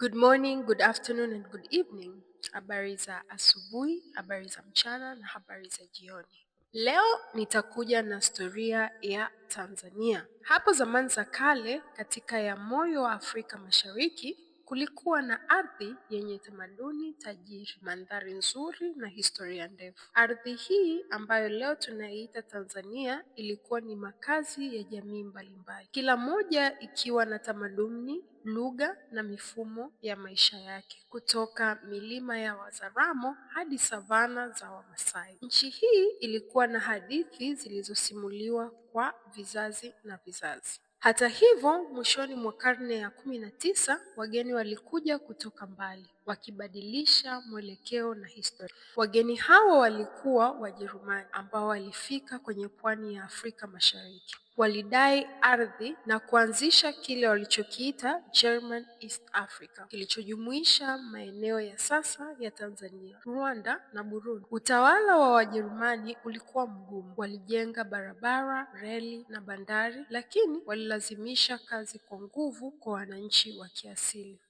Good morning, good afternoon and good evening. Habari za asubuhi, habari za mchana na habari za jioni. Leo nitakuja na historia ya Tanzania. Hapo zamani za kale, katika ya moyo wa Afrika Mashariki, Kulikuwa na ardhi yenye tamaduni tajiri, mandhari nzuri na historia ndefu. Ardhi hii ambayo leo tunaiita Tanzania ilikuwa ni makazi ya jamii mbalimbali, kila moja ikiwa na tamaduni, lugha na mifumo ya maisha yake, kutoka milima ya Wazaramo hadi savana za Wamasai. Nchi hii ilikuwa na hadithi zilizosimuliwa kwa vizazi na vizazi. Hata hivyo, mwishoni mwa karne ya kumi na tisa wageni walikuja kutoka mbali wakibadilisha mwelekeo na historia. Wageni hawa walikuwa Wajerumani ambao walifika kwenye pwani ya Afrika Mashariki walidai ardhi na kuanzisha kile walichokiita German East Africa kilichojumuisha maeneo ya sasa ya Tanzania, Rwanda na Burundi. Utawala wa Wajerumani ulikuwa mgumu. Walijenga barabara, reli na bandari, lakini walilazimisha kazi kwa nguvu kwa wananchi wa kiasili.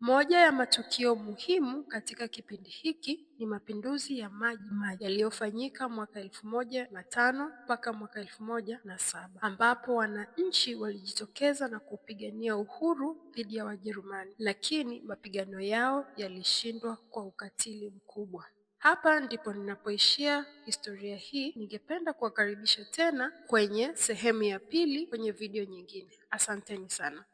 Moja ya matukio muhimu katika kipindi hiki ni mapinduzi ya Maji Maji yaliyofanyika mwaka elfu moja na tano mpaka mwaka elfu moja na saba ambapo wananchi walijitokeza na kupigania uhuru dhidi ya Wajerumani, lakini mapigano yao yalishindwa kwa ukatili mkubwa. Hapa ndipo ninapoishia historia hii. Ningependa kuwakaribisha tena kwenye sehemu ya pili kwenye video nyingine. Asanteni sana.